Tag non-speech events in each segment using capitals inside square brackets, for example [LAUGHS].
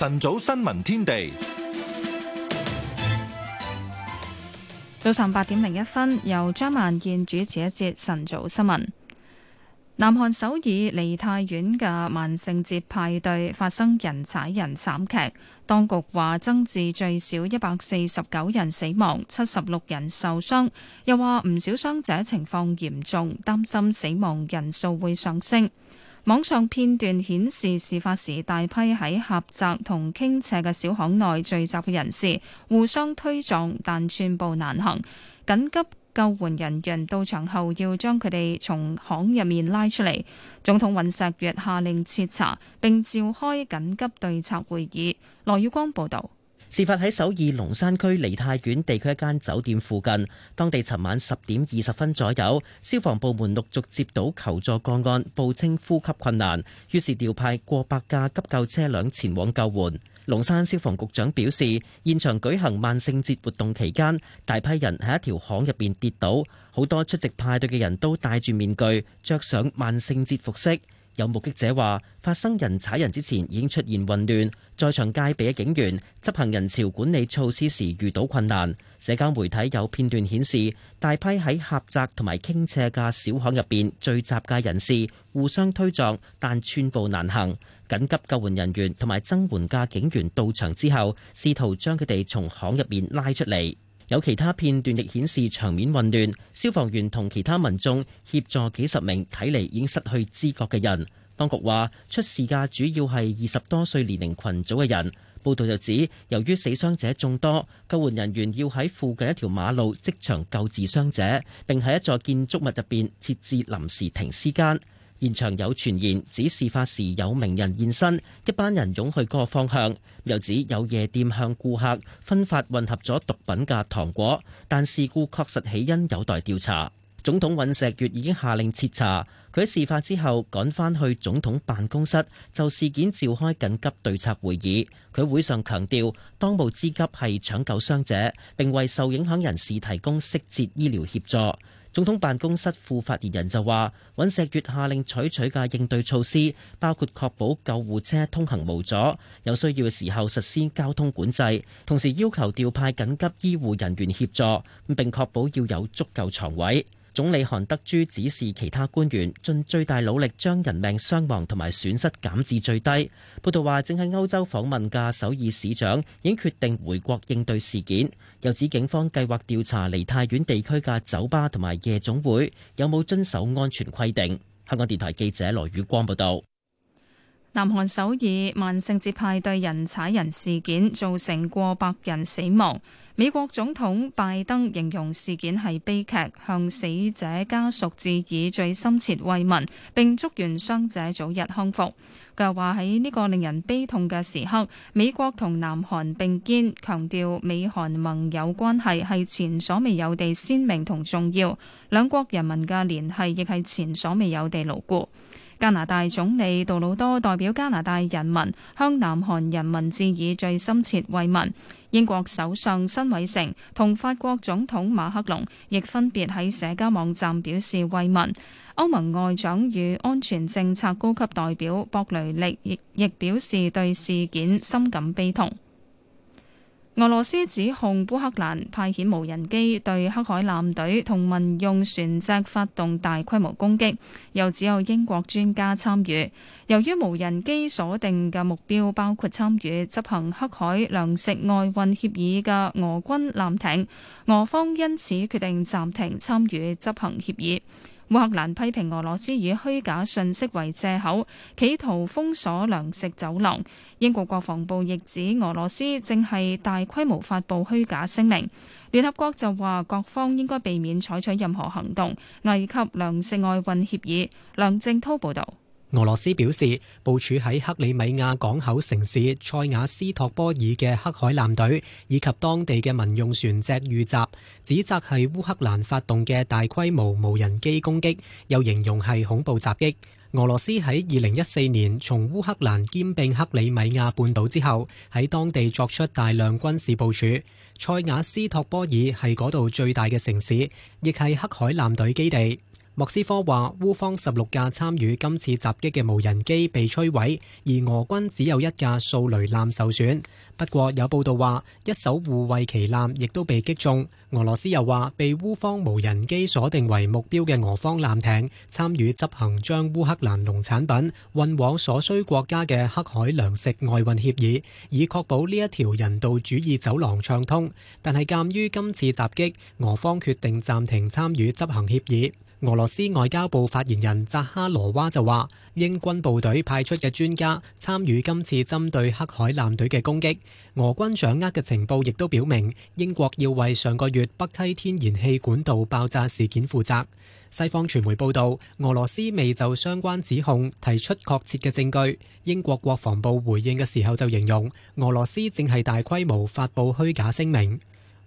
晨早新聞天地，早上八點零一分，由張萬健主持一節晨早新聞。南韓首爾梨泰院嘅萬聖節派對發生人踩人慘劇，當局話增至最少一百四十九人死亡，七十六人受傷，又話唔少傷者情況嚴重，擔心死亡人數會上升。網上片段顯示，事發時大批喺狹窄同傾斜嘅小巷內聚集嘅人士，互相推撞，但寸步難行。緊急救援人員到場後，要將佢哋從巷入面拉出嚟。總統尹錫悦下令徹查並召開緊急對策會議。羅耀光報導。事發喺首爾龍山區梨泰院地區一間酒店附近，當地尋晚十點二十分左右，消防部門陸續接到求助個案，報稱呼吸困難，於是調派過百架急救車輛前往救援。龍山消防局長表示，現場舉行萬聖節活動期間，大批人喺一條巷入邊跌倒，好多出席派對嘅人都戴住面具，着上萬聖節服飾。有目擊者話，發生人踩人之前已經出現混亂，在場戒備嘅警員執行人潮管理措施時遇到困難。社交媒體有片段顯示，大批喺狹窄同埋傾斜嘅小巷入面聚集嘅人士互相推撞，但寸步難行。緊急救援人員同埋增援嘅警員到場之後，試圖將佢哋從巷入面拉出嚟。有其他片段亦顯示場面混亂，消防員同其他民眾協助幾十名睇嚟已經失去知覺嘅人。當局話出事嘅主要係二十多歲年齡群組嘅人。報道就指，由於死傷者眾多，救援人員要喺附近一條馬路即場救治傷者，並喺一座建築物入邊設置臨時停屍間。現場有傳言指事發時有名人現身，一班人擁去嗰個方向。又指有夜店向顧客分發混合咗毒品嘅糖果，但事故確實起因有待調查。總統尹錫悅已經下令徹查。佢喺事發之後趕翻去總統辦公室，就事件召開緊急對策會議。佢喺會上強調，當務之急係搶救傷者，並為受影響人士提供適切醫療協助。總統辦公室副發言人就話，尹錫悅下令採取嘅應對措施包括確保救護車通行無阻，有需要嘅時候實施交通管制，同時要求調派緊急醫護人員協助，並確保要有足夠床位。總理韓德珠指示其他官員盡最大努力將人命傷亡同埋損失減至最低。報道話，正喺歐洲訪問嘅首爾市長已經決定回國應對事件，又指警方計劃調查梨泰院地區嘅酒吧同埋夜總會有冇遵守安全規定。香港電台記者羅宇光報道。南韓首爾萬聖節派對人踩人事件造成過百人死亡。美國總統拜登形容事件係悲劇，向死者家屬致以最深切慰問，並祝願傷者早日康復。佢又話喺呢個令人悲痛嘅時刻，美國同南韓並肩，強調美韓盟友關係係前所未有地鮮明同重要，兩國人民嘅聯繫亦係前所未有地牢固。加拿大總理杜魯多代表加拿大人民向南韓人民致以最深切慰問，英國首相辛偉誠同法國總統馬克龍亦分別喺社交網站表示慰問，歐盟外長與安全政策高級代表博雷利亦亦表示對事件深感悲痛。俄羅斯指控烏克蘭派遣無人機對黑海艦隊同民用船隻發動大規模攻擊，又指有英國專家參與。由於無人機鎖定嘅目標包括參與執行黑海糧食外運協議嘅俄軍艦艇，俄方因此決定暫停參與執行協議。烏克蘭批評俄羅斯以虛假信息為借口，企圖封鎖糧食走廊。英國國防部亦指俄羅斯正係大規模發佈虛假聲明。聯合國就話各方應該避免採取任何行動，危及糧食外運協議。梁正濤報道。俄羅斯表示，部署喺克里米亞港口城市塞瓦斯托波爾嘅黑海艦隊，以及當地嘅民用船隻遇襲，指責係烏克蘭發動嘅大規模無人機攻擊，又形容係恐怖襲擊。俄羅斯喺二零一四年從烏克蘭兼併克里米亞半島之後，喺當地作出大量軍事部署。塞瓦斯托波爾係嗰度最大嘅城市，亦係黑海艦隊基地。莫斯科話，烏方十六架參與今次襲擊嘅無人機被摧毀，而俄軍只有一架掃雷艦受損。不過有報道話，一艘護衛旗艦亦都被擊中。俄羅斯又話，被烏方無人機鎖定為目標嘅俄方艦艇參與執行將烏克蘭農產品運往所需國家嘅黑海糧食外運協議，以確保呢一條人道主義走廊暢通。但係鑑於今次襲擊，俄方決定暫停參與執行協議。俄羅斯外交部發言人扎哈羅娃就話：英軍部隊派出嘅專家參與今次針對黑海艦隊嘅攻擊，俄軍掌握嘅情報亦都表明英國要為上個月北溪天然氣管道爆炸事件負責。西方傳媒報道，俄羅斯未就相關指控提出確切嘅證據。英國國防部回應嘅時候就形容俄羅斯正係大規模發布虛假聲明。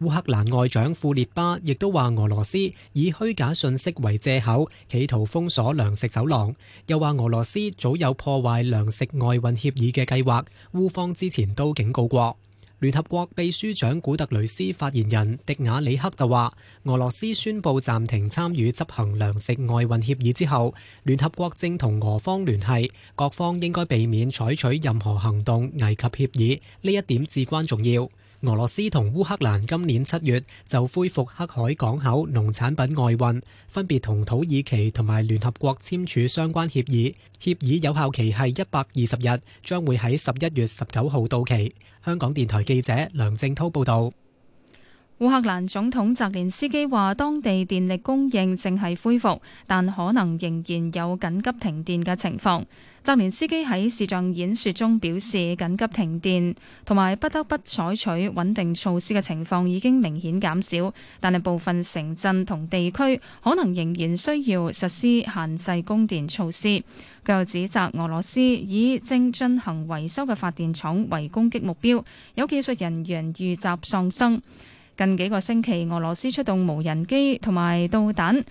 烏克蘭外長庫列巴亦都話：俄羅斯以虛假信息為藉口，企圖封鎖糧食走廊。又話俄羅斯早有破壞糧食外運協議嘅計劃，烏方之前都警告過。聯合國秘書長古特雷斯發言人迪雅里克就話：俄羅斯宣布暫停參與執行糧食外運協議之後，聯合國正同俄方聯繫，各方應該避免採取任何行動危及協議，呢一點至關重要。俄羅斯同烏克蘭今年七月就恢復黑海港口農產品外運，分別同土耳其同埋聯合國簽署相關協議，協議有效期係一百二十日，將會喺十一月十九號到期。香港電台記者梁正濤報道。烏克蘭總統澤連斯基話，當地電力供應正係恢復，但可能仍然有緊急停電嘅情況。澤連斯基喺視像演說中表示，緊急停電同埋不得不採取穩定措施嘅情況已經明顯減少，但係部分城鎮同地區可能仍然需要實施限制供電措施。佢又指責俄羅斯以正進行維修嘅發電廠為攻擊目標，有技術人員遇襲喪，喪生。近幾個星期，俄羅斯出動無人機同埋導彈，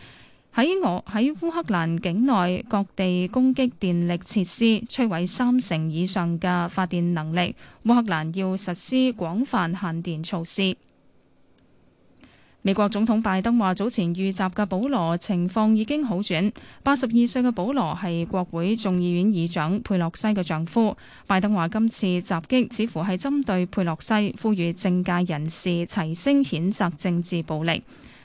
喺俄，喺烏克蘭境內各地攻擊電力設施，摧毀三成以上嘅發電能力。烏克蘭要實施廣泛限電措施。美國總統拜登話，早前遇襲嘅保羅情況已經好轉。八十二歲嘅保羅係國會眾議院議長佩洛西嘅丈夫。拜登話，今次襲擊似乎係針對佩洛西，呼籲政界人士齊聲譴責政治暴力。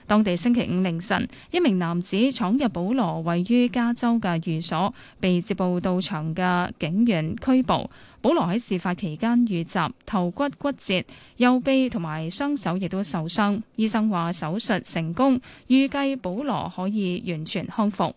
當地星期五凌晨，一名男子闖入保羅位於加州嘅寓所，被接報到場嘅警員拘捕。保羅喺事發期間遇襲，頭骨骨折、右臂同埋雙手亦都受傷。醫生話手術成功，預計保羅可以完全康復。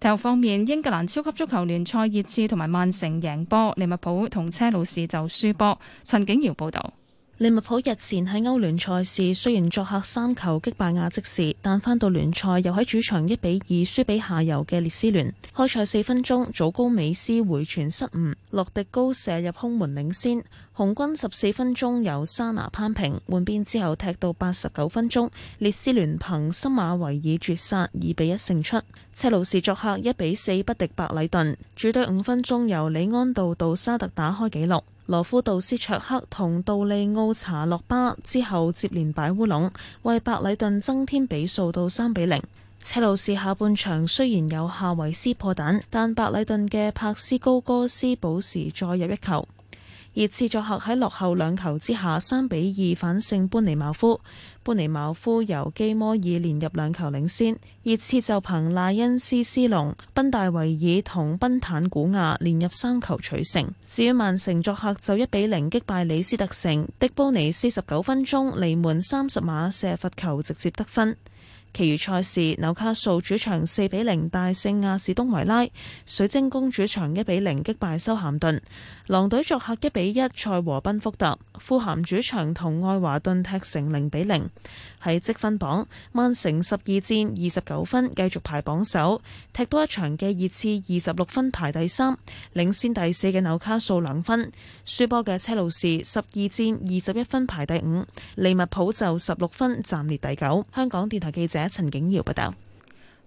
體育方面，英格蘭超級足球聯賽熱刺同埋曼城贏波，利物浦同車路士就輸波。陳景瑤報道。利物浦日前喺歐聯賽事雖然作客三球擊敗亞積士，但返到聯賽又喺主場一比二輸俾下游嘅列斯聯。開賽四分鐘，祖高美斯回傳失誤，洛迪高射入空門領先。紅軍十四分鐘由沙拿扳平，換邊之後踢到八十九分鐘，列斯聯憑森馬維爾絕殺二比一勝出。車路士作客一比四不敵白禮頓，主隊五分鐘由李安道杜沙特打開紀錄。羅夫道斯卓克同杜利奧查洛巴之後接連擺烏龍，為白禮頓增添比數到三比零。車路士下半場雖然有夏維斯破蛋，但白禮頓嘅柏斯高哥斯保時再入一球。熱刺作客喺落後兩球之下，三比二反勝班尼茅夫。班尼茅夫由基摩爾連入兩球領先，熱刺就憑賴恩斯、斯、斯隆、賓戴維爾同賓坦古亞連入三球取勝。至於曼城作客就一比零擊敗李斯特城，迪波尼四十九分鐘離門三十碼射罰球直接得分。其餘賽事，紐卡素主場四比零大勝亞士東維拉，水晶宮主場一比零擊敗修咸頓，狼隊作客一比一賽和賓福特，富咸主場同愛華頓踢成零比零。喺積分榜，曼城十二戰二十九分繼續排榜首，踢多一場嘅熱刺二十六分排第三，領先第四嘅紐卡素兩分，輸波嘅車路士十二戰二十一分排第五，利物浦就十六分暫列第九。香港電台記者。陳景瑤報道，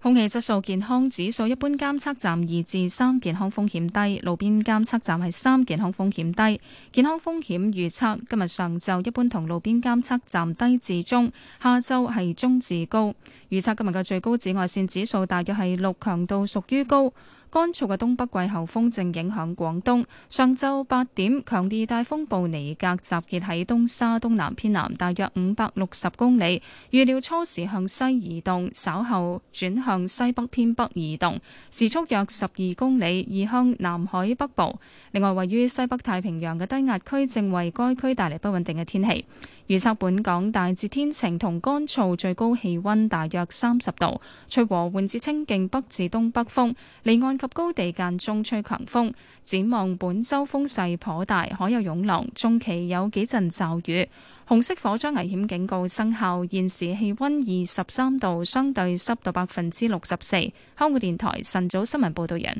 空氣質素健康指數一般監測站二至三，健康風險低；路邊監測站係三，健康風險低。健康風險預測今日上晝一般同路邊監測站低至中，下晝係中至高。預測今日嘅最高紫外線指數大約係六，強度屬於高。乾燥嘅東北季候風正影響廣東。上晝八點，強烈大風暴尼格集結喺東沙東南偏南大約五百六十公里，預料初時向西移動，稍後轉向西北偏北移動，時速約十二公里，移向南海北部。另外，位於西北太平洋嘅低壓區正為該區帶嚟不穩定嘅天氣。預測本港大致天晴同乾燥，最高氣溫大約三十度，吹和緩至清勁北至東北風。離岸及高地間中吹強風。展望本周風勢頗大，海有湧浪，中期有幾陣驟雨。紅色火災危險警告生效。現時氣溫二十三度，相對濕度百分之六十四。香港電台晨早新聞報道人。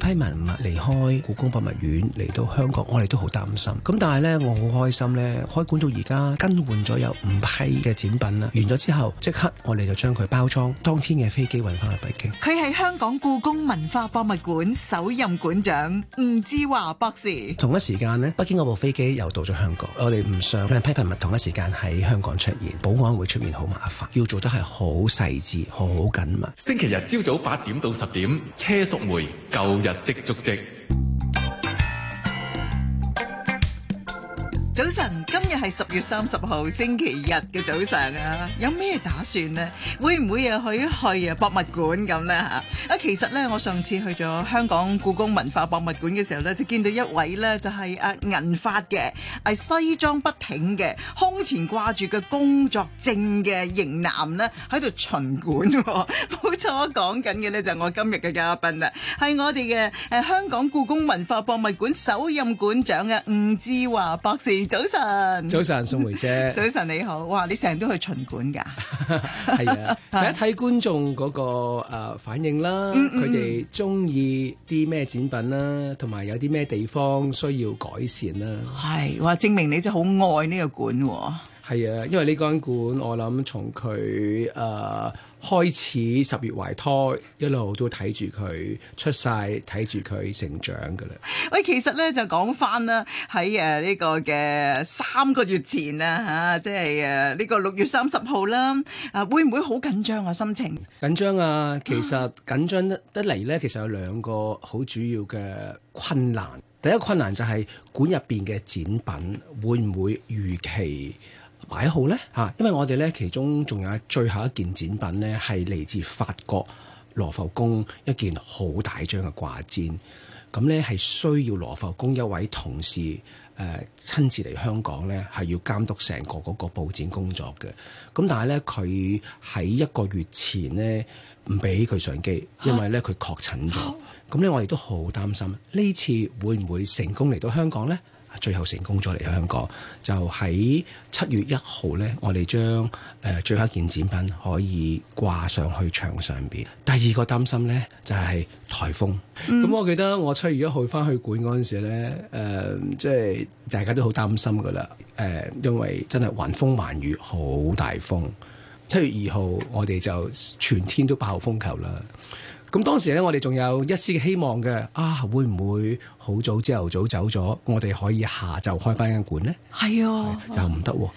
批文物離開故宮博物院嚟到香港，我哋都好擔心。咁但係咧，我好開心咧，開館到而家更換咗有五批嘅展品啦。完咗之後，即刻我哋就將佢包裝，當天嘅飛機運翻去北京。佢係香港故宮文化博物館首任館長吳志華博士。同一時間咧，北京嗰部飛機又到咗香港。我哋唔想兩批文物同一時間喺香港出現，保安會出現好麻煩，要做得係好細緻、好緊密。星期日朝早八點到十點，車淑梅舊日。的足跡。早晨。今日係十月三十號星期日嘅早上啊，有咩打算呢？會唔會又去去啊博物館咁呢？吓？啊，其實呢，我上次去咗香港故宮文化博物館嘅時候呢，就見到一位呢，就係阿銀髮嘅，係、啊、西裝筆挺嘅，胸前掛住個工作證嘅型男呢，喺度巡館、哦。冇錯，講緊嘅呢，就係、我今日嘅嘉賓啦，係我哋嘅誒香港故宮文化博物館首任館長嘅吳志華博士，早晨。早晨，宋梅姐。 [LAUGHS] 早晨你好，哇！你成日都去巡館噶，係？ [LAUGHS] [LAUGHS] 啊，一睇觀眾嗰、嗰個誒、呃、反應啦，佢哋中意啲咩展品啦，同埋有啲咩地方需要改善啦。係， [LAUGHS] 哇！證明你真係好愛呢個館、喔。係啊，因為呢間館，我諗從佢誒、呃、開始十月懷胎一路都睇住佢出世，睇住佢成長嘅啦。喂，其實咧就講翻啦，喺誒呢個嘅三個月前啊，嚇即係誒呢個六月三十號啦，啊會唔會好緊張啊？心情緊張啊？其實緊張得嚟咧，啊、其實有兩個好主要嘅困難。第一個困難就係館入邊嘅展品會唔會預期？擺好咧嚇，因為我哋咧其中仲有最後一件展品咧，係嚟自法國羅浮宮一件好大張嘅掛件，咁咧係需要羅浮宮一位同事誒、呃、親自嚟香港咧，係要監督成個嗰個布展工作嘅。咁但係咧，佢喺一個月前咧唔俾佢上機，因為咧佢確診咗。咁咧、啊、我亦都好擔心呢次會唔會成功嚟到香港咧？最後成功咗嚟香港，就喺七月一號呢，我哋將誒最後一件展品可以掛上去牆上邊。第二個擔心呢，就係、是、颱風，咁、嗯、我記得我七月一號翻去館嗰陣時咧、呃，即係大家都好擔心㗎喇，誒、呃、因為真係橫風橫雨，好大風。七月二號我哋就全天都爆風球啦。咁當時咧，我哋仲有一絲嘅希望嘅，啊，會唔會好早朝頭早走咗？我哋可以下晝開翻間館咧？係啊的，又唔得喎。